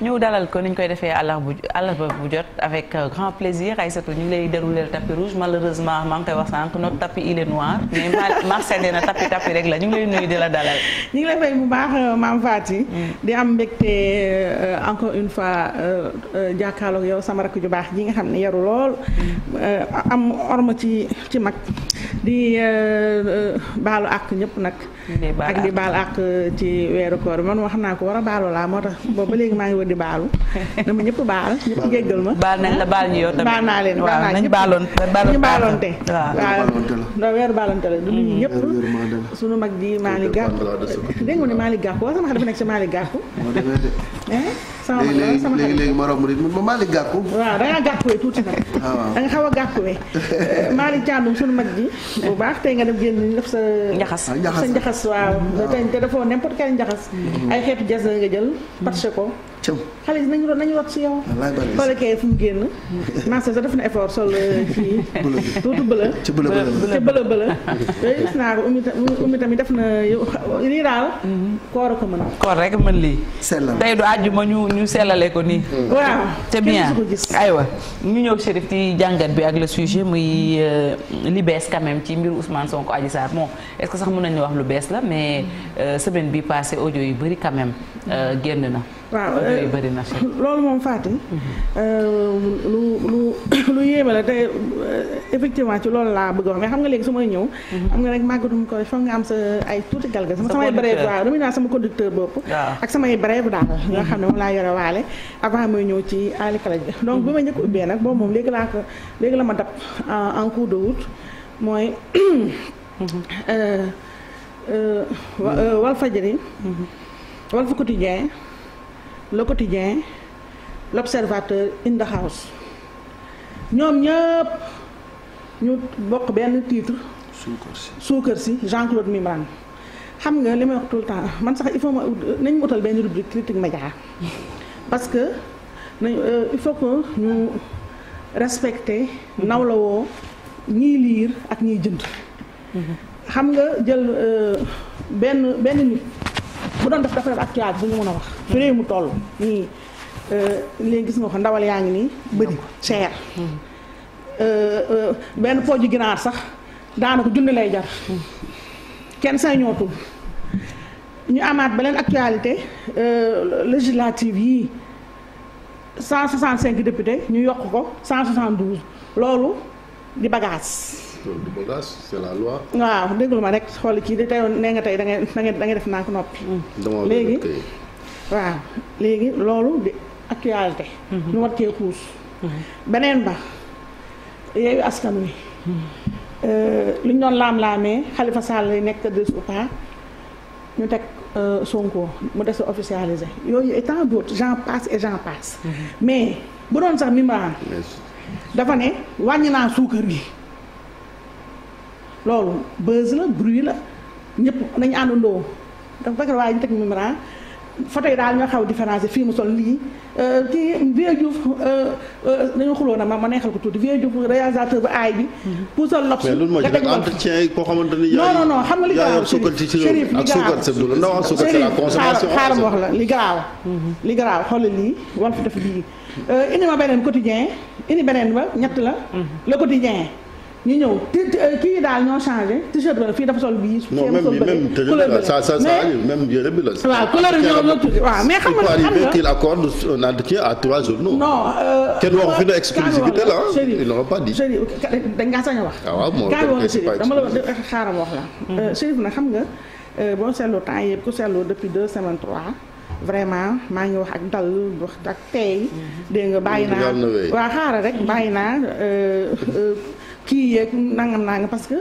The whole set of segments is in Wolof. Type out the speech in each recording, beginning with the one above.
ñu dalal ko ni ñu koy defee àllarba bu àllarba bu jot avec euh, grand plaisir Aïssatou ñu ngi lay dérouler le tapis rouge malheureusement ma ngi koy wax sànq notre tapis il est noir mais Marcel dina tapis tapis rek la ñu ngi lay nuyu di la dalal. ñu ngi lay fay bu baax euh, maam Fati. Mm. di am mbégte euh, encore une fois jàkkaarloog yow sama rakk ju baax ji nga xam ne yaru lool. Mm. am orma ci ci mag di baalu àq ñëpp nag. ak di baal ak euh, ci weeru koor man wax naa ko war a baalo laa moo tax boobu ba léegi maa ngi wër di baalu dama ñëpp baal ñëpp jéggal ma baal nañ la baal ñu yow tamit baal naa leen baal baaloon ñu baaloonte waaw waaw weeru baaloonte la du nuyu mm. ñëpp suñu mag ji Malick Gakou dégg nga ne Malick Gakou wax sama xel dafa nekk ci Malick Gakou sama mag la sama xarit léegi léegi ma romb nit ma Malick Gakou. waaw da ngaa gàkkuwee tuuti nag. Ah, waaw da xaw a gàkkuwee. Malick Thiandoum sunu mag ji. bu baax tey nga dem génn def sa. njaxas ah, sa njaxas waaw. Ah. tey te dafoo n'importe quel njaxas. Mm. ay xeetu jas nga jël. Mm. pàcce ko. cëm xale nañu nañu wax si yow. xoole kay fu mu génn. marché sa def na effort sol euh, kii. tuutu bëla ci bëla bëla ci bëla bëla. yooyu gis naa ko umi tamit def na lii koor ko mën koor rek mën lii. sellal tey du àjjuma ñu ñu sellale ko nii. waaw te bien aywa ñu ñëw Chérif ci jàngat bi ak le sujet muy euh, li bees quand même ci mbiru Ousmane Sonko Adji Sarr bon est ce que sax mun nañu wax lu bees la mais euh, semaine bi passé audio yu bëri quand génn na. waaw euh, loolu moom Fatick. Mm-hmm. Euh, lu lu lu yéeme la te euh, effectivement ci loolu laa bëgg wax xam nga léegi su may ñëw. Mm-hmm. xam nga rek màggatum ko foog nga am sa ay tuuti galga sama samay brève waaw dama naa sama conducteur bopp. Mm-hmm. nga xam ne moom laa yore waale avant mooy ñëw ci Ali Kalaj donc bi ma njëkk ubbee nag boobu moom léegi laa ko léegi la ma dab en cours de route mooy. Walfadjri. Walf Quotidien. le quotidien l' observateur in the house ñoom ñëpp ñu bokk benn titre. suukar si suukar Jean Claude Mimran xam nga li ma wax tout le temps man sax il faut ma nañu utal benn rubrique critique média parce que nañu euh, il faut que ñu respecter nawlawoo ñiy liir ak ñiy jënd. Mm-hmm. xam nga jël euh, benn benn bu doon def dafa def actualité bu ñu a wax. fi réew mu toll nii euh, léegi gis nga ko ndawal yaa ngi nii bëri cher. Euh, euh, benn pooju ginaar sax daanaka junni lay jar. kenn say ñootul ñu amaat beneen actualité yi législative yii 165 députés ñu yokk ko 172 loolu di bagage. loolu du waaw déglu ma rek xool kii di tey nee nga tey da ngay da ngay def naa ko noppi. Hmm. léegi waaw léegi loolu di actualité. Hmm. ñu war cee xuus. Hmm. beneen ba yeeyu askan wi. Euh, li ñu doon laam-laamee Khalifa Sall lay nekk des ou pas ñu teg euh, Sonko mu des a officialisé yooyu et tant d'autres j'en passe et j'en passe. mais bu doon sax mi ma dafa ne wàññi suukar gi. loolu buzz la bruit la ñëpp nañu àndandoo dafa fekk waaye ñu teg Mimran photo yi daal ñoo xaw différence fii mu sol lii ci euh, Vieux Diouf euh, euh, dañoo xuloo na ma ma neexal ko tuuti Vieux Diouf réalisateur bi. pour sol lopp si nga teg entretien yi koo xamante ni. non non non xam nga li garaaw Chérif li garaaw Chérif xaaral wax la li garaaw. li garaaw xoolal lii wal fi def lii indi ma beneen quotidien indi beneen ba ñett la. Mm-hmm. le quotidien. ñu ñëw euh, kii yi daal ñoo changé t-shirt ba fii dafa sol bii. non même bi même te ça ça ça arrive même yére bi bi la tudd waaw mais xam nga euh, kenn waxu fi ne exclusivité la ah. a mm-hmm. euh, na xam nga boo seetloo temps yëpp ku seetloo depuis deux semaines trois. vraiment maa ngi wax ak dal wax ak tey. Mm-hmm. dégg nga bàyyi naa waaw xaaral rek bàyyi naa. kii yeeg nangam nga parce que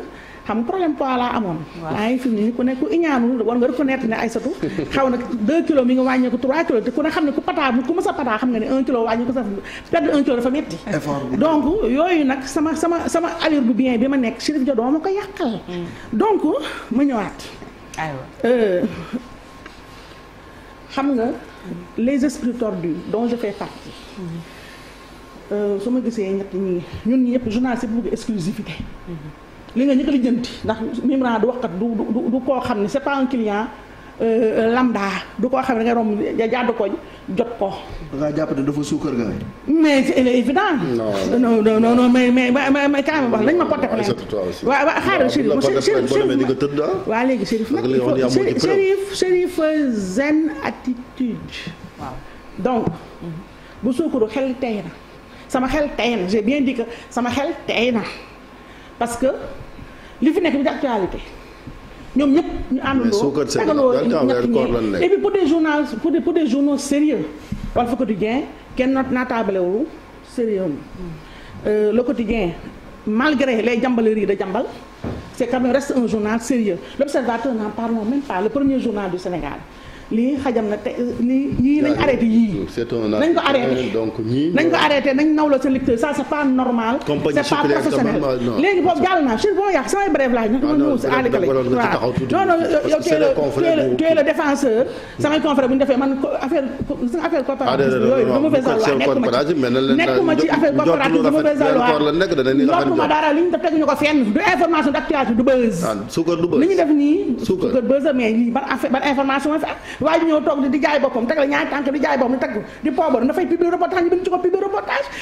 xam problème poids laa amoon. waaw fi mu ne ku ne ku iñaanul war nga reconnaître ne Aïssatou xaw na 2 kilos mi nga wàññeeku 3 kilos te ku ne xam ne ku pataa bu ku mës a pataa xam nga ne 1 kilo wàññeeku sax perdre 1 kilo dafa metti donc yooyu nag sama sama sama allure bu bien bi ma nekk Chérif Dia doo ma ko yàqal. Mm. donc ma ñëwaat. Euh, xam nga les esprits tordus dont je fais partie. Mm. Euh, su ma gisee ñett ñii ñun ñi yëpp journaliste yëpp bëgg exclusivité li nga ñëkk lijjanti ndax Mimran du waxkat du du du koo xam ne c'est pas un client euh, lambda du koo xam ne da ngay romb jàdd ko jot ko. da jàpp ne dafa suukar gaay. mais c'est évident. non non non non mais mais mais quand même wax nañ ma porté plainte. waaw waaw xaaral Chérif. waaw léegi Chérif nag Chérif Chérif zen attitude. waaw donc bu suukaru xel tey na. sama xel tey na bien dit sama xel tey na parce que li fi nekk bi d'actualité ñoom ñëpp ñu àndandoo tegaloo ñett et puis pour des journaux pour des pour des journaux sérieux Walf Quotidien kenn naataabale wu sérieux euh, le quotidien malgré les jambaleries de jàmbal c'est quand même reste un journal sérieux l'observateur par parlons même pas le premier journal du Sénégal lii xajam na te lii nañ arrêté yii. nañ ko arrêté nañ ko arrêté nañ nawloo sa pas normal. c' est léegi boobu jàll naa si a affaire affaire ah, du ma fee sàlluwaat nekkuma ci affaire coopérative du ma fee sàlluwaat nekkuma teguñu ko fenn du information du buzz. Ah, suukar du buzz nii. suukar buzz mais lii ban affaire information la waaye ñëw toog di jaay boppam tegal ñaari tànk di jaay boppam di tagg di poobar na fay publi reportage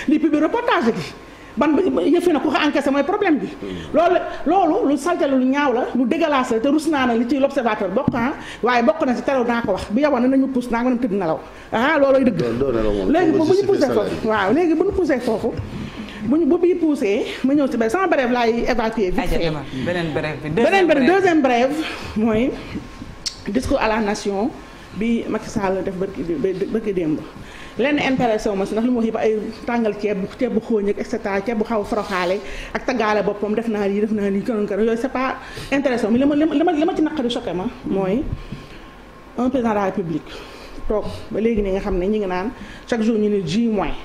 lii publi reportage gi ban yëfe na ku ko encaissé mooy problème bi hmm. loolu lu salte lu ñaaw la lu dégueulasse la te rus naa na li ci l'observateur bokk ah waaye bokk na si terew naa ko wax bi yowoon na nañu pousse naa nga tëdd nelaw ah looloy dëgg léegi bu ñu poussé foofu waaw bu bu bii poussé ma ñëw si benn sama brève laay évacuer vite fait beneen brève deuxième brève mooy discours à nation bi Macky Sall def bërki bërki démb lenn intéressé ma si ndax li mu wax yëpp ay tàngal ceeb ceeb bu xooñ ak et cetera ceeb bu xaw foroxaale ak taggaale boppam def naa lii def naa lii kanon kanon yooyu c'est pas intéressant mais li ma li ma li ma ci naqari choqué ma mooy un président de la toog ba léegi nii nga xam ne ñi ngi naan chaque jour ñu ne J moins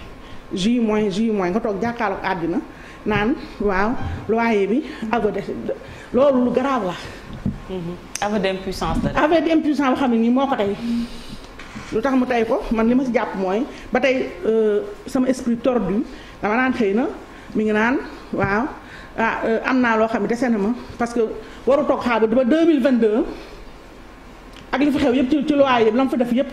J moins J moins nga toog jàkkaarloog àddina naan waaw loyer bi ago de loolu lu grave la Mm-hmm. avec d'impuissance la avec d'impuissance boo xam ne nii moo ko tey lu tax mu tey ko man li ma si jàpp mooy ba tey euh, sama esprit tordu dama naan xëy na mu ngi naan waaw ah euh, am naa loo xam ne dese na ma parce que waru toog mille vingt 2022. ak li fi xew yëpp ci ci loi yëpp la mu fi def yëpp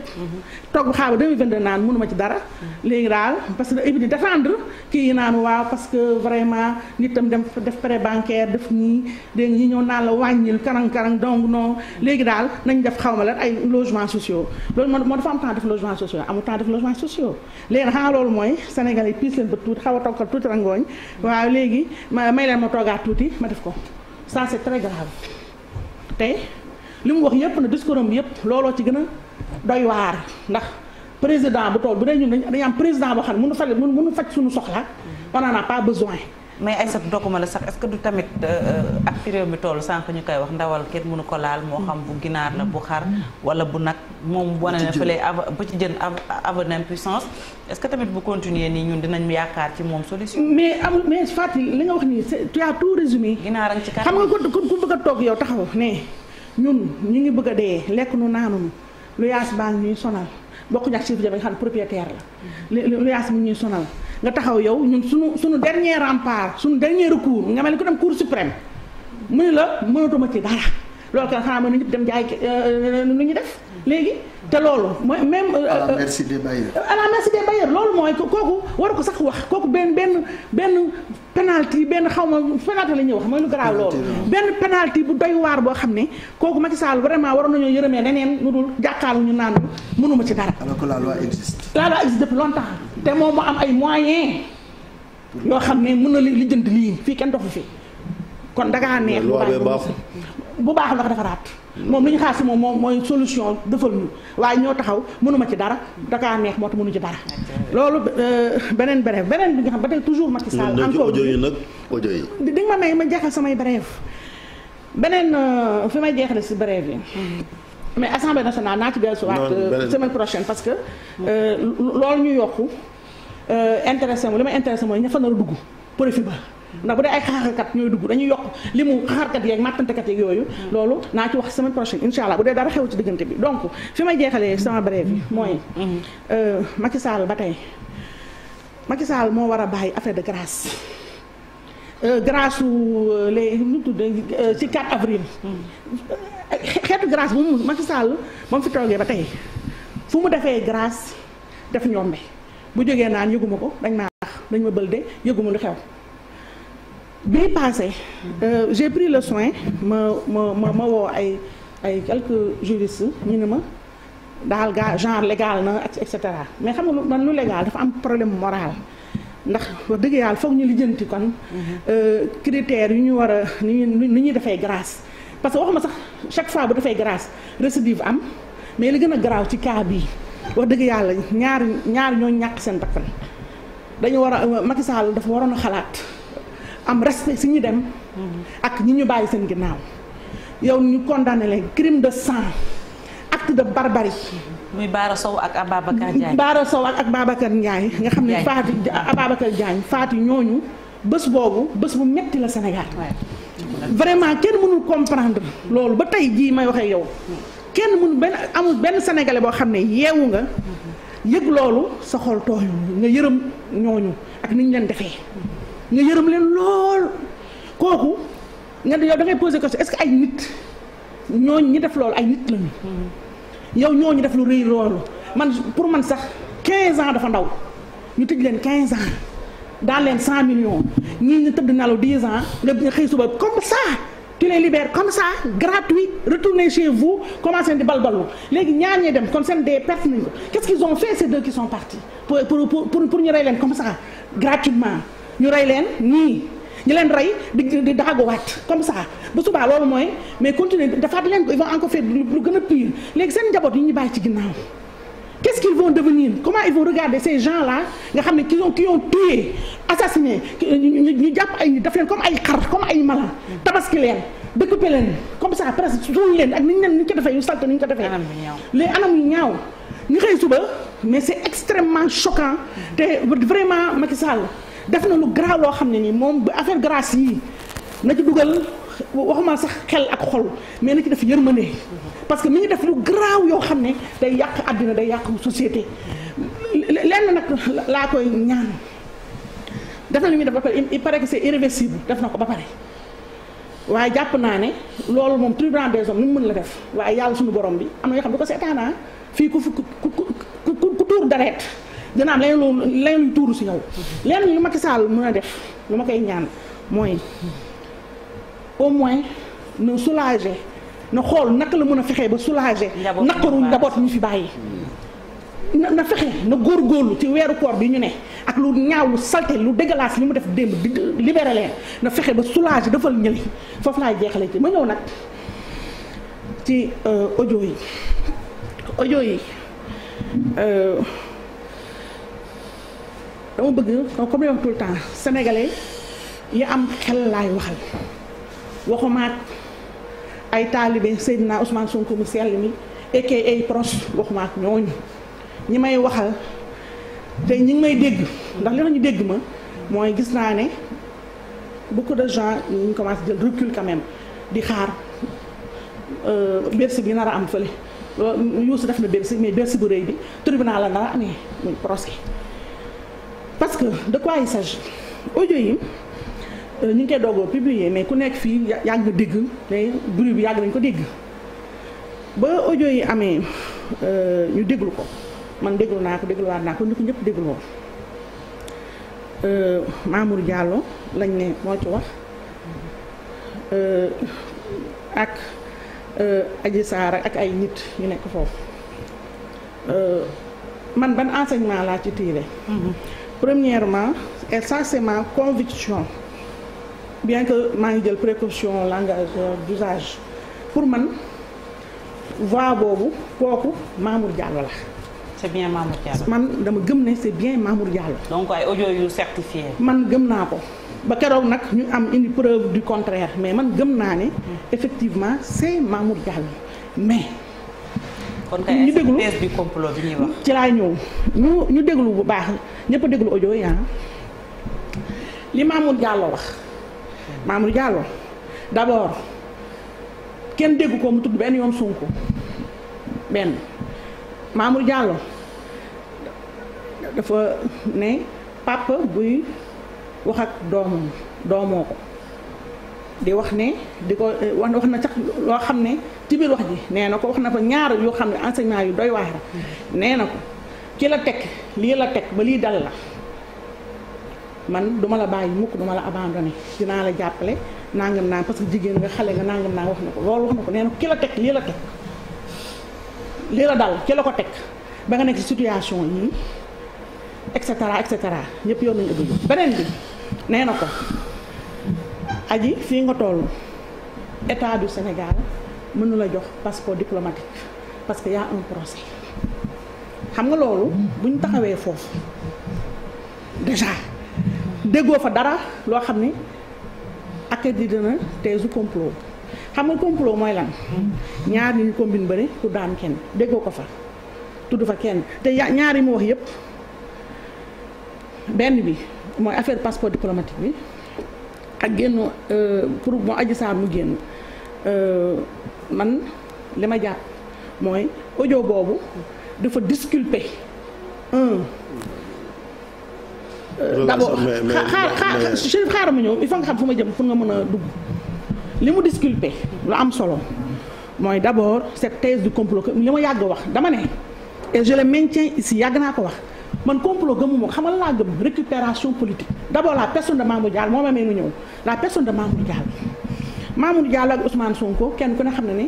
toog xaar ba 2022 naan mënuma ci dara léegi daal parce que ébi di défendre kii yi naan waaw parce que vraiment nit tam dem def prêt bancaire def nii dégg ñi ñëw naan la wàññil karang-karang donc non léegi daal nañ def xaw ma lan ay logements sociaux loolu moo dafa am temps def logements sociaux amul temps def logements sociaux léegi xanaa loolu mooy Sénégalais yi piis leen ba tuuti xaw a toggal tuuti rangooñ may leen ma toogaat tuuti ma def ko ça c'est très li mu wax yépp na discours am yépp looloo ci gën a doy waar ndax président bu toog bu dee ñun dañ dañuy am président boo xam ne mënu faj mënu suñu soxla on n'en a pas besoin mais Aïssatou dogguma la sax est-ce que du tamit euh, ak fi ñu koy wax ndawal kenn mënu ko laal moo xam bu ginaar la bu xar wala bu nag moom wane na fële ci jën aveu d'impuissance est-ce que tamit bu continuer nii ñun dinañ yaakaar ci moom solution mais amul mais Fatou li nga wax a ngi ci kanam xam nga ko ku bëgg toog yow taxaw ne ñun ñu ngi bëgg a dee lekk nu naanunu lu yaas baa ngi ñuy sonal bokk ñax chiffre jafe nga xam ne propriétaire la lu yaas mu ñuy sonal nga taxaw yow ñun suñu suñu dernier rempart suñu dernier recours nga mel ni ko dem cour suprême mu ne la mënatuma ci dara loolu kan xanaa mënu ñëpp dem jaay euh, nu ñu def léegi te loolu mooy même euh, à la euh, merci des bailleurs à la merci des loolu mooy kooku waru ko sax wax kooku benn benn benn penalty benn xaw ma penalty la ñuy wax mooy lu garaaw loolu benn penalty bu doy waar boo xam ne kooku Macky Sall vraiment waroon nañoo yërëmee neneen lu dul jàkkaalu ñu naan mënuma ci dara alors que la loi existe la loi existe te moom mu am ay moyens yoo xam ne mën na lijjanti lii fii kenn doxu fi kon da ngaa neex. bu baax ndax ko defaraat. moom lu ñu xaar si moom mooy solution defal ñu waaye ñoo taxaw mënuma ci dara da kaa neex moo tax mënu ci dara. loolu euh, beneen bref beneen bi nga xam ba tey toujours Macky Sall. encore yi nag audio yi. di nga ma may ma jeexal samay bref beneen euh, fi may jeexale si bref yi. mais assemblée nationale naa ci dellusiwaat euh, semaine prochaine parce que loolu ñu yokku intéressé wu li may intéressé mooy ña fa nar a dugg profil ba. ndax bu dee ay xaarkat ñooy dugg dañuy yokk li mu xaarkat yeeg màttantekat yeeg yooyu mm. loolu naa ci wax semaine prochaine incha allah bu dee dara xew ci diggante bi donc fi ma jeexalee sama brève bi mooy mm-hmm. euh, Macky Sall ba tey Macky Sall moo war a bàyyi affaire de grâce euh, grâce u euh, les nu tudd ci 4 avril mm-hmm. xeetu grâce bu mu Sall ba mu fi toogee ba tey fu mu defee grâce def ñombe bu jógee naan yëguma ko dañ maa wax dañ yëguma lu xew bii passé euh, j'ai pris le soin ma ma ma ma woo ay ay quelques juristes ñu ne ma daal gaa genre légal na et cetera mais xam nga man lu légal dafa am problème moral ndax wax dëgg yàlla foog ñu lijjanti kon mhm. euh, critères yu ñu war a ni ñu ni ñuy defee grâce parce que waxuma sax chaque fois bu defee grâce récidive am mais li gën a garaaw ci cas bii wax dëgg yàlla ñaar ñaar ñoo ñàkk seen bakkan dañu war a Macky Sall dafa waroon a xalaat am respect si ñu dem ak ñi ñu bàyyi seen ginnaaw yow ñu condamné leen crime de sang acte de barbarie muy Baara Sow ak Ababacar Diagne Sow ak ak Babacar Ndiaye nga xam ne faati Ababacar Diagne faati ñooñu bés boobu bés bu metti la Sénégal vraiment kenn mënul comprendre loolu ba tey jii may waxee yow kenn mënul benn amul benn sénégalais boo xam ne yeewu nga yëg loolu sa xol tooyu nga yërëm ñooñu ak ni ñu leen defee nga yërëm leen lool kooku nga yow da ngay posé question est-ce que ay nit ñooñu ñi def loolu ay nit lañu. Hmm. yow ñooñu def lu rëy loolu man pour man sax 15 ans dafa ndaw ñu tëj leen 15 ans daal leen 100 millions ñii ñu tëdd nalaw 10 ans nga xëy suba comme ça. tu les libères comme ça gratuit retournez chez vous commencé di balbalu léegi ñaar ñee dem kon seen dee perte nañu qu'est-ce qu'ils ont fait ces deux qui sont partis pour pour pour ñu rey leen comme ça gratuitement. ñu rey leen nii ñu leen rey di di daxaguwaat comme ça bu subaa loolu mooy mais continuer dafaat leen ko ils vont encore faire lu gën a pire léegi seen njaboot yu ñu bàyyi ci ginnaaw qu'est-ce qu'ils vont devenir comment ils vont regarder ces gens là nga xam ne qui ont qui ont tué ñu jàpp ay daf leen comme ay xar comme ay mala tabaski leen découper leen comme ça presque suul leen ak ni ñu leen ni ñu ko defee yu salte ni ko defee les anam ñaaw ñu xëy suba mais c'est extrêmement choquant te vraiment Macky Sall def na lu grave loo xam ne nii moom affaire grâce yii na ci dugal waxuma sax xel ak xol mais na ci def yërmande parce que mi ngi def lu grave yoo xam ne day yàq àddina day yàq société lenn nag laa koy ñaan def na lu muy def ba pare il paraît que c'est irréversible def na ko ba pare waaye jàpp naa ne loolu moom tribunal des hommes ni mu mën la def waaye yàlla suñu borom bi am na yoo xam ne du ko seetaanaa fii ku fi ku ku ku tuur dareet dina am leneen lu leneen luñ tuuru si yow. leneen lu Macky Sall mën a def lu ma koy ñaan mooy au moins na solage na xool naka la mën a fexe ba soulager. naqaru njaboot ñu fi bàyyi. na na fexe na góor góorgóorlu ci weeru koor bi ñu ne ak lu ñaaw lu salté lu dégueulasse li mu def démb di libéré na fexe ba soulager dafal ñëli foofu laay jeexale ci ma ñëw nag ci euh, audio yi audio yi. Euh, dama bëgg donc comme li wax tout le temps sénégalais yi am xel laay waxal waxumaat ay taalibe Seydina Ousmane Sonko mu sell mi ak ay proche waxumaat ñooñu ñi may waxal te ñi may dégg ndax li tax dégg ma mooy gis naa ne beaucoup de gens ñu commencé jël recul quand di xaar euh, Bercy bi nar a am fële Youssou def na Bercy mais Bercy bu rëy bi tribunal la nar a amee muy procès parce que de quoi il s'agit audio yi euh, ñu ngi koy doogoo publier mais ku nekk fii yàgg nga dégg te bruit bi yàgg nañ ko dégg ba audio yi amee euh, ñu déglu ko man déglu naa ko dégluwaat naa ko ni ko ñëpp déglu woon euh, Mamour Diallo lañ ne moo ci wax ak Adji Sarr ak ay nit ñu nekk foofu man ban enseignement laa ci tiire mm-hmm. premièrement et ça c'est conviction bien que maa ngi jël précaution langage euh, d'usage pour man voix boobu kooku Mamour Diallo la. c'est bien Mamour Diallo. man dama gëm ne c'est bien Mamour Diallo. donc ay audio yu certifié. man gëm naa ko ba keroog nag ñu am indi preuve du contraire mais man gëm naa ne hmm. effectivement c'est Mamour Diallo mais. kon kay ñu déglu thèse du complot bi ñuy ci laay ñëw ñu ñu déglu bu baax ñépp a déglu audio yi ah li Mamour Diallo wax Mamour Diallo d'abord kenn dégg ko mu tudd benn yoon Sonko benn Mamour Diallo dafa ne papa buy wax ak doomam doomoo ko di wax ne di ko eh, wax wax na sax loo xam ne ci biir wax ji nee na ko wax na ko ñaar yoo xam ne enseignement yu doy waar mm-hmm. nee na ko ki la tekk lii la teg ba lii dal la man duma la bàyyi mukk duma la abandonné dinaa la jàppale nangam naa parce que jigéen nga xale nga nàngam naa wax na ko loolu wax na ko nee na ki la teg lii la teg lii la dal ki la ko teg ba nga nekk ci situation yii et cetera et cetera ñëpp yoon nañu ëpp beneen bi nee na ko aji fii nga toll état du Sénégal mënu la jox passeport diplomatique parce que y a xam nga loolu bu ñu taxawee foofu déjà déggoo fa dara loo xam ni accrédité dina teesu complot xam nga complot mooy lan ñaar ni ñu combine bëri pour daan kenn déggoo ko fa tudd fa kenn te ñaari mu wax yépp benn bi mooy affaire passeport diplomatique bi ak génn euh, pour moo aji saar mu génn euh, man li ma jàpp mooy audio boobu dafa disculper un. d' xaar xaar Chérif xaaral ma ñëw il faut nga xam fu ma jëm pour nga mën a dugg. li mu disculper lu am solo mooy d' abord cette thèse du complot li ma yàgg wax dama ne et je le maintiens yàgg naa ko wax man complot gëmu ma xamal laa gëm récupération politique d' abord la personne de Mamour Diallo moo ma may ñëw la personne de Mamour Diallo Mamour Diallo ak Ousmane Sonko kenn ku ne xam ne ne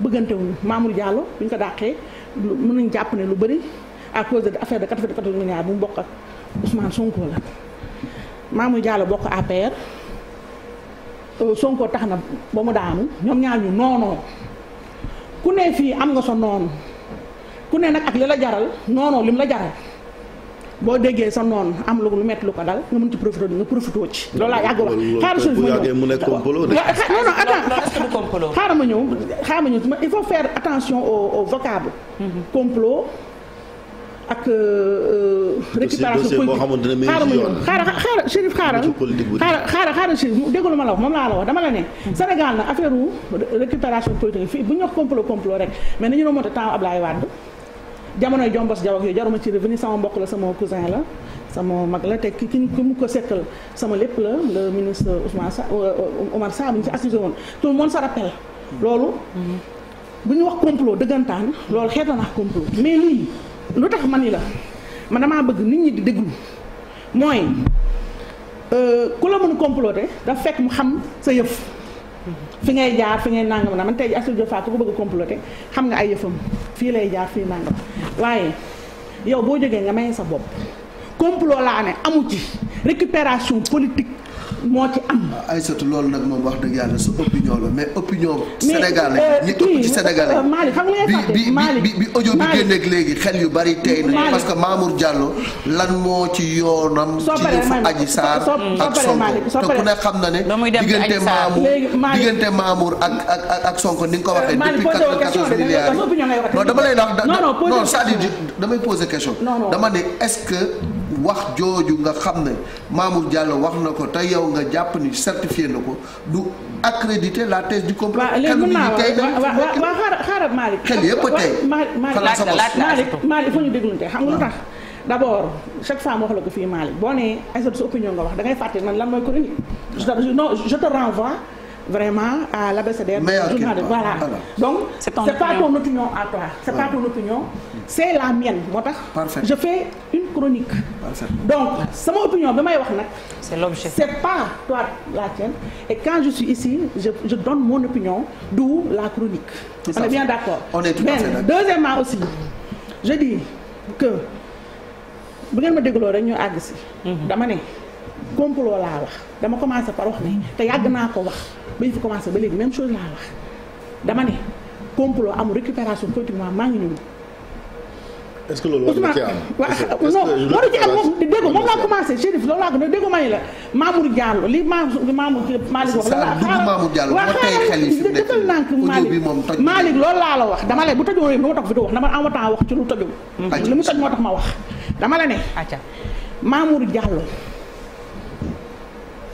bëggante wuñu Mamour Diallo bu ñu ko dàqee. mën nañ jàpp ne lu bari à cause de affaire de 94 milliards bu mu bokk ak Ousmane Sonko la Mamour Diallo bokk APR euh, Sonko tax na ba mu daanu ñoom ñaar ñu noonoo ku ne fii am nga sa noonu ku ne nag ak li la jaral noonoo lim la jaral boo déggee sa noon am lu lu métti lu ko dal nga mën ci profité nga profité ci. loolu laa yàgg wax xaaral suuf ma ñëw xaaral ma ñëw xaaral ma ñëw il faut attention au au vocable. Mm-hmm. complot ak euh, euh, récupération politique xaaral ma ñëw xaaral xaaral Chérif xaaral xaaral xaaral Chérif déglu ma la wax moom laa la wax dama la ne mm-hmm. Sénégal na affaire récupération politique fii bu ñu wax complot complot rek mais nañu remonté temps Ablaye Wade jamonoy jombos jaw yooyu jaruma ci revenir sama mbokk la sama cousin la sama mag la te ki ki mu ko sekkal sama lépp la le ministre Ousmane Sa euh, euh, Omar Sa bu ñu ci accusé woon tout le monde se loolu bu ñu wax complot dëggantaan loolu xeet la nax complot mais lii lu tax ma ni la man damaa bëgg nit ñi di déglu mooy euh, ku la mën comploter daf fekk mu xam sa yëf fi ngay jaar fi ngay nangam na man tey Astou Diop Fall ko bëgg comploter xam nga ay yëfam fii lay jaar fii nangam waaye yow boo jógee nga may sa bopp complot laa ne amu ci récupération politique moo ci am. ay Aïssatou loolu nag moom wax dëgg yàlla su opinion la mais opinion. Sénégal euh, ñi ëpp ci Sénégal euh, bi bi bi audio bi génneeg léegi xel yu bari tey nañu parce que Mamour Diallo lan moo ci yoonam. ci yëfu Adji Sarr ak Sonko te ku ne xam na ne. ba muy dem diggante Mamour diggante Mamour ak ak ak Sonko ni nga ko waxee. Euh, depuis 94 milliards non dama lay wax. non non c'est-à-dire damay poser question. dama ne est wax jooju nga xam ne Mamour Diallo wax na ko te yow nga jàpp ni certifié na ko du accréditer la thèse du complot. waaw léegi mën naa waaw xaaral Malick. xel yëpp tey xalaat sama Malick Malick foo ñu déglunte xam nga lu tax. d'abord chaque fois ma wax la ko fii Malick boo nee Aïssatou sa opinion nga wax da ngay fàtte man lan mooy chronique. non je te renvoie. vraiment à l'abécédaire ah, voilà donc c'est pas ton opinion à toi c'est pas la mienne moo tax je fais une chronique donc sama opinion bi may wax nag c'est l'objet c'est pas toi la tienne et quand je suis ici je, je donne mon opinion d'où la chronique est on est bien d'accord mais deuxièmement aussi je dis que bu ngeen ma dégloo rek ñu àgg si mhm. dama ne complot laa wax dama commencé par wax ne te yàgg naa ko wax ba ñu fi commencé ba léegi même chose laa wax dama ne complot amul récupération politiquement maa ngi ñëw. est ce que loolu war na ci am non waru ci am moom dégg moom laa commencé Chérif loolu laa ko dégg ma la Mamour Diallo li Mamour Mamour Malick wax. la defal nànk Malick Malick loolu laa la wax dama lay bu tojoo ma tax fi wax dama am temps wax ci lu tojoo. li mu toj moo tax ma wax dama la ne. Mamour Diallo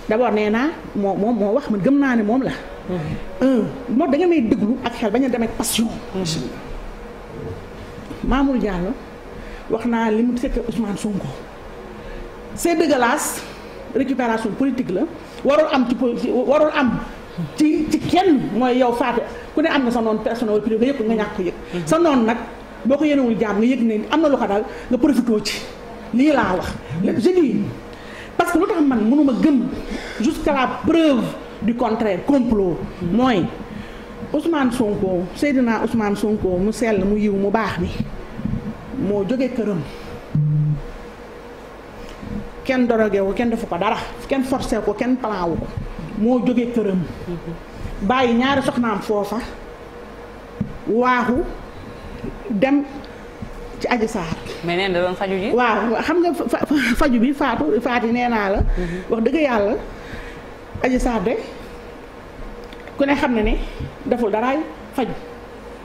d'abord nee naa moo moom moo wax man gëm naa ne moom la. un moo da may déglu ak xel bañ a dem ak passion. Mamour Diallo wax naa li mu fekk Ousmane Sonko. c'est dégueulasse récupération politique la warul am ci politique warul am. ci ci kenn mooy yaw faate ku ne am na sa noonu personnel privé nga yëg nga ñàkk ko yëg. sa noonu nag boo ko yéenewul jaam nga yëg ne am na lu ko daal nga profité ci lii laa wax. je dis que lu tax man mënuma gëm. jusqu'à la preuve du contraire complot mooy Ousmane Sonko naa Ousmane Sonko mu sell mu yiw mu baax bi moo jóge këram kenn dorogé kenn defu ko dara kenn forcé ko kenn plan wu ko moo jóge këram bàyyi ñaari soxnaam foofa waaxu dem ci aji saar mais nee na da doon faju ji waaw xam nga faju bi faatu faati nee naa la mhm. wax dëgg yàlla Adji Sarr de ku ne xam na ne deful daraay faju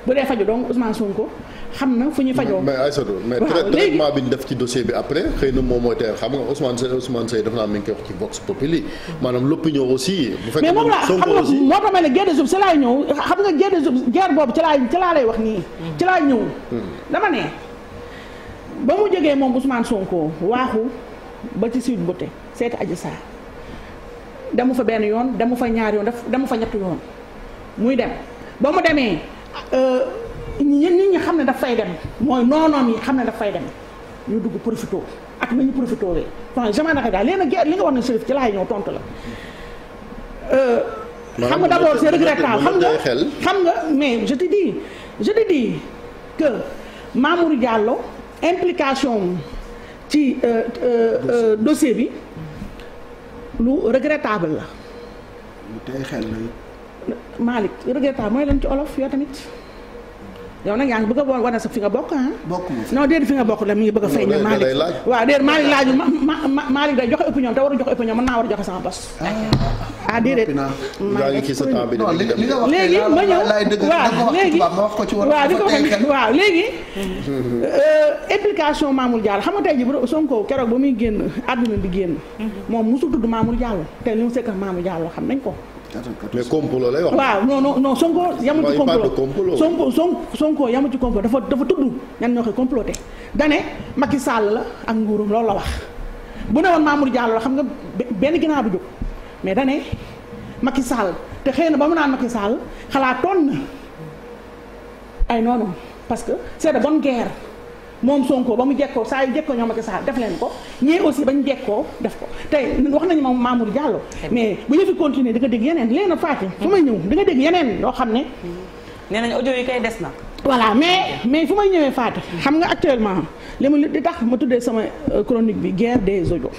bu dee faju donc Ousmane Sonko xam na fu ñu fajoo. mais Aïssatou mais traitement bi ñu def ci dossier bi après xëy na moom mooy teel nga Ousmane Seye Ousmane Seye def naa ci Vox Populi maanaam l'opinion aussi. bu fekkee moom Sonko aussi mais moom laa xam nga moo tax ma ne guerre des ci laay ñëw xam nga guerre des jub guerre boobu ci laay ci laa lay wax nii. ci laay ñëw. dama ne ba mu jógee moom Ousmane Sonko waaxu ba ci Sweet Beauté seeti Adji demu fa benn yoon demu fa ñaar yoon daf demu fa ñett yoon muy dem ba mu demee euh, nit ñi xam ne daf fay dem mooy noonoom yi xam ne daf fay dem ñu dugg profité ak nañu profité wee sama jamono daal léegi nag li nga wax ne Chérif ci laay ñëw tontu la euh, xam nga d'abord c'est regrettable xam nga xam nga mais je te dis je te dis que Mamour Diallo implication ci euh, dossier bi lu regrettable la. lu tey xel la. Malick mooy lan ci olof yoo tamit. yow nag yaa ngi bëgg a wane sa fi nga bokk ah. bokkul non déedéet fi nga bokk la mi ngi bëgg a fay. ñu Malick waaw déedéet Malick laaju ma ma Malick day joxe opinion te waru joxe opinion mën naa war joxe sama bos. Ah. ah déedéet. Mm, maa bi léegi ma ñëw waaw léegi waaw di ko wax waaw léegi. implication euh, Mamour Diallo xam nga tey jii bu Sonko keroog ba muy génn àdduna bi génn. Mhm. moom mosul tudd Mamour Diallo te li mu sekk ak Mamour xam nañ ko. mais complot lay wax. waaw non non non Sonko yamu ci complot Sonko Sonko yamu ci complot dafa dafa tudd ñan ñoo koy comploté. dane Macky Sall la ak nguurum loolu la wax bu ne woon Mamour Diallo la xam nga benn ginnaaw bu jóg. mais dane Macky Sall te xëy na ba mu naan Macky Sall xalaatoon na ay noonu parce que c'est de bonne guerre moom Sonko ba mu jekkoo saa yu jekkoo ma Macky Sall def leen ko ñii aussi ñu jekkoo def ko tey wax nañu moom Mamour Diallo mais bu ñu fi continuer di nga yeneen leen a faati fu may ñëw di nga dégg yeneen loo xam ne nee nañ audio yi kay des na voilà mais mais fu may ñëwee faati xam nga actuellement li mu li tax ma tuddee sama euh, chronique bi guerre des audios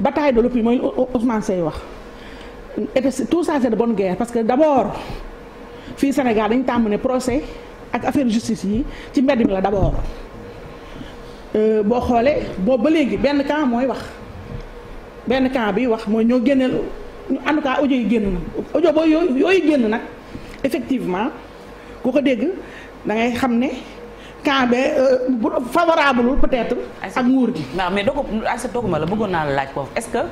bataille de l'opinion mooy Ousmane Seye wax et tout ça c'est de guerre parce que d'abord fii Sénégal dañ tàmm ne procès ak affaire justice yi ci mbedd mi la d'abord euh, boo xoolee boobu ba léegi benn camp mooy wax benn camp bi wax mooy ñoo génneel en tout cas audio yi génn na audio boobu yooyu yooyu génn nag effectivement ku ko dégg da ngay xam ne camp be euh, favorable peut-être. ak nguur gi. waaw mais dogu Aïssa doguma la bëggoon naa la laaj foofu est-ce que.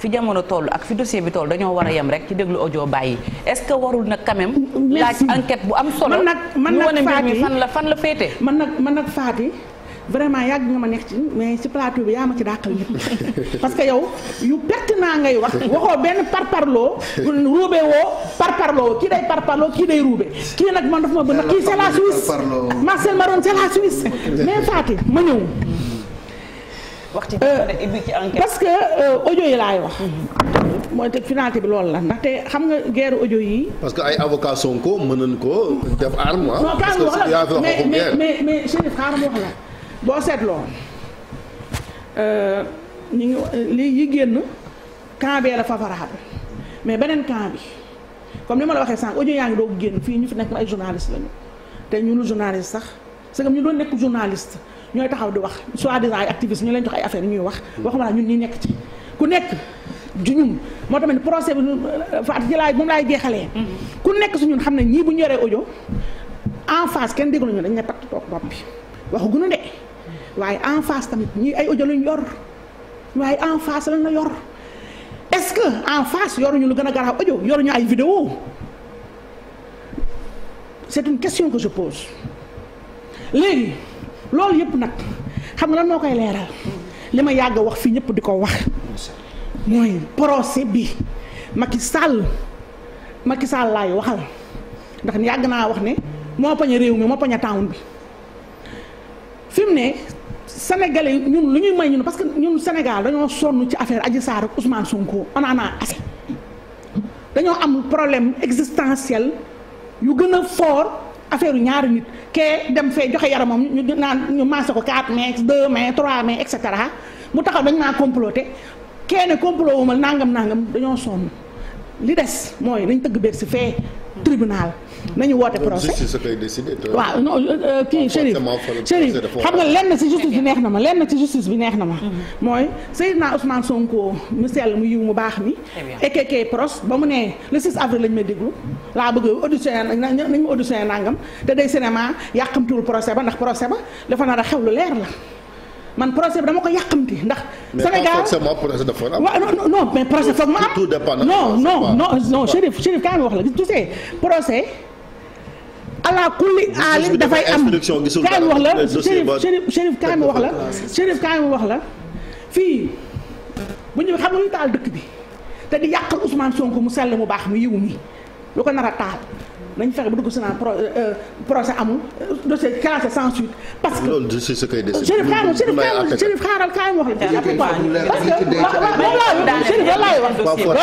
fi jamono toll ak fi dossier bi toll dañoo war a yem rek ci déglu audio bàyyi est-ce que warul nag quand même. laaj enquête bu am solo. man nag man nag Faty fan la fan la féete. man nag man nag Faty vraiment yàgg nga ma nekk ci mais si plateau bi yaa ma ci dàqal ñëpp parce que yow yu pertinent ngay wax waxoo benn parparloo ruube woo parparloo kii day parparloo kii day ruube kii nag man dafa ma bëgg kii c'est la Suisse Marcel Maron c'est la Suisse mais Fatou ma ñëw parce que euh, audio yi laay wax mooy te finalité bi loolu la ndaxte xam nga guerre audio yi parce que ay avocat Sonko mën nañ ko def arme ah. mais mais mais xaaral wax la boo seetloo euh, ñu ngi euh, li yi génn camp bee la favorable mais beneen camp bi comme ni ma la waxee sànq audio yaa ngi doog génn fii ñu fi nekk ay journaliste lañu te ñunu journaliste sax parce que ñu doon nekk journaliste ñooy taxaw di wax soi-disant ay activiste ñu leen jox ay affaire ñuy wax waxuma la ñun ñi nekk ci ku nekk juñum moo tamit procès bi euh, faat ci laay moom laay jeexalee mm-hmm. ku nekk su ñun xam ne ñii bu ñu yoree audio en face kenn déglu ñu dañ ne patt toog waaye en face tamit ñii ay audio lañ yor waaye en face lañ la yor est-ce que en face yoruñu lu gën a garaaw audio yoruñu ay video c'est une question que je pose léegi loolu yëpp nag xam nga lan moo koy leeral li ma yàgg wax fii ñëpp di ko wax mooy procès bi Macky Sall Macky Sall laay waxal ndax yàgg naa wax ne moo pañe réew mi moo pañe town bi fi mu ne sénégalais ñun lu ñuy may ñun parce que ñun Sénégal dañoo sonn ci affaire Adji Sarr ak Ousmane Sonko on en a assez dañoo am problème existentiel yu gën a fort affaire yu ñaari nit kee dem fee joxe yaramam ñu naan ñu maase ko 4 mais deux mais 3 mais et cetera mu taxaw dañ maa comploté kee ne complot wu ma nangam nangam dañoo sonn li des mooy dañ tëgg Bercy fee tribunal nañu woote procès waaw non euh, euh, kii Chérif Chérif xam nga lenn ci justice bi neex na ma lenn ci justice bi neex na ma mooy Seydina Ousmane Sonko mu sell mu yiw mu baax mi ekekee pros ba mu ne le 6 avril lañ may déglu laa bëgg auditionné nañ ma auditionné nangam te day cinéma yàqamtuwul procès ba ndax procès ba dafa nar a xew lu leer la man procès bi dama ko yàqamti ndax. Sénégal waaw non mais procès foog ma am. tout dépend non non non non wax la tu sais procès. ala kulli aalin dafay am kaan wax la fii bu ñu xam nga taal dëkk bi te di yàqal Ousmane Sonko mu sell mu baax mu yiw mi lu ko nar a nañ fexe ba dugg si naan pro euh, euh, procès amul euh, dossier classé sans suite. parce que loolu c'est ce koy décidé. Chérif xaaral Chérif xaaral kaay wax la. parce que na fi leeral. non non nag seen affaire yooyu. waaw ba mbiram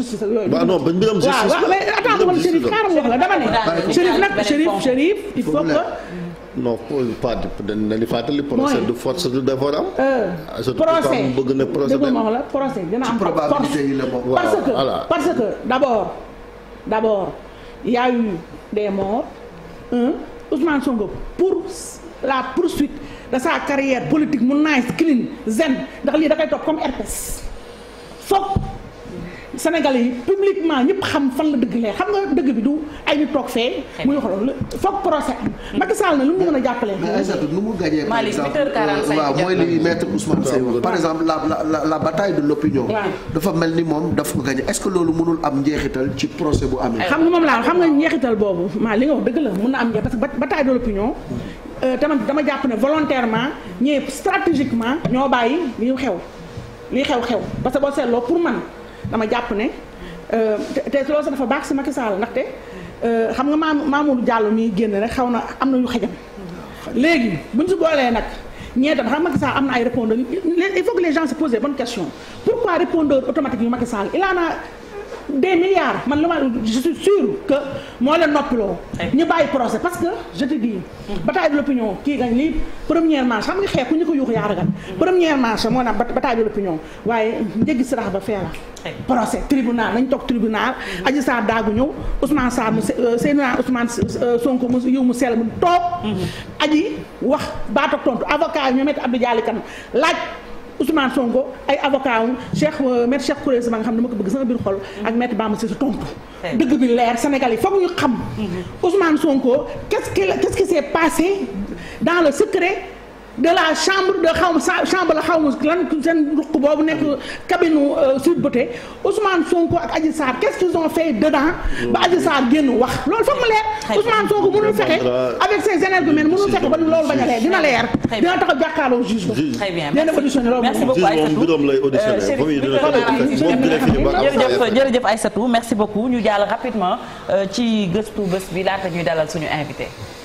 justice la waaw waaw mais attends man Chérif wax la dama ne. nag Chérif Chérif il faut non pas dañu fàttali procès de force du devoir am. procès bëgg na procès la procès dina am force parce que parce que d' abord d' abord y a eu des morts un Ousmane Sonko pour la poursuite de sa carrière politique mu nice clean zen ndax lii da koy topp comme herpès foog. Sénégalais yi publiquement ñëpp xam fan la dëgg lee xam nga dëgg bi du ay nit toog fee. muy wax foog procès am. Hmm. na lu mu mën a jàppale mais Aïssatou nu mu gagné. par exemple euh, mooy li maître Ousmane exemple la la la bataille de l' dafa mel ni moom daf ko gagné est ce que loolu mënul am njeexital ci procès bu amee. xam nga moom laa xam nga njeexital boobu maa li nga wax dëgg la mën na am parce que bataille de l' opinion. Euh, tamit dama jàpp ne volontairement ñëw stratégiquement. ñoo bàyyi li xew li xew xew parce que boo pour man dama jàpp ne euh, te loolu sax dafa baax si Macky Sall ndaxte euh, xam nga maam Mamour Diallo miy génn rek xaw na am na yu xajam léegi buñ si boolee nag ñee tam xam Macky Sall am na ay répondeurs il faut que les gens se posent les bonnes questions pourquoi répondeur automatique yu Macky Sall il en des milliards man lu ma je suis sûr que moo leen noppiloo ñu bàyyi procès parce que je te dis mm. bataille de l'opinion kii gañ lii première marche xam nga xeex ku ñu ko yuux yaa ragal mm. première marche moo naan bataille de l'opinion waaye njëgi sarax ba fee la procès tribunal nañ toog tribunal mm. Adji Sarr daagu ñëw Ousmane Sarr mu euh, Seydina Ousmane euh, Sonko mu yiw mu sell mu toog mm-hmm. aji wax baat tontu avocat yi ñoo metti Abdou Dialy Kane laaj Ousmane Sonko ay avocat am Cheikh euh, maître Cheikh Koureyssi ma nga xam ne ma ko bëgg sama biir xol mm-hmm. ak maître Bamba Cissé tontu dëgg bi leer Sénégal yi foog ñu xam mm-hmm. Ousmane Sonko quest qui s'est passé dans le secret de la chambre de xaw ma chambre la xaw ma lan seen ruq boobu nekk cabine euh, Sweet Beauté Ousmane Sonko ak Adji Sarr qu'est-ce qu'ils ont fait dedans ba Adji Sarr génn wax loolu foog mu leer Ousmane Sonko mënul fexe avec ses énergumènes mënul fexe ba loolu bañ a leer dina leer dina tax a jàkkaarloo juge ba dina auditionné loolu merci beaucoup Aïssatou euh, jërëjëf Aïssatou merci beaucoup ñu jàll rapidement euh, ci gëstu bés bi laata ñuy dalal suñu invité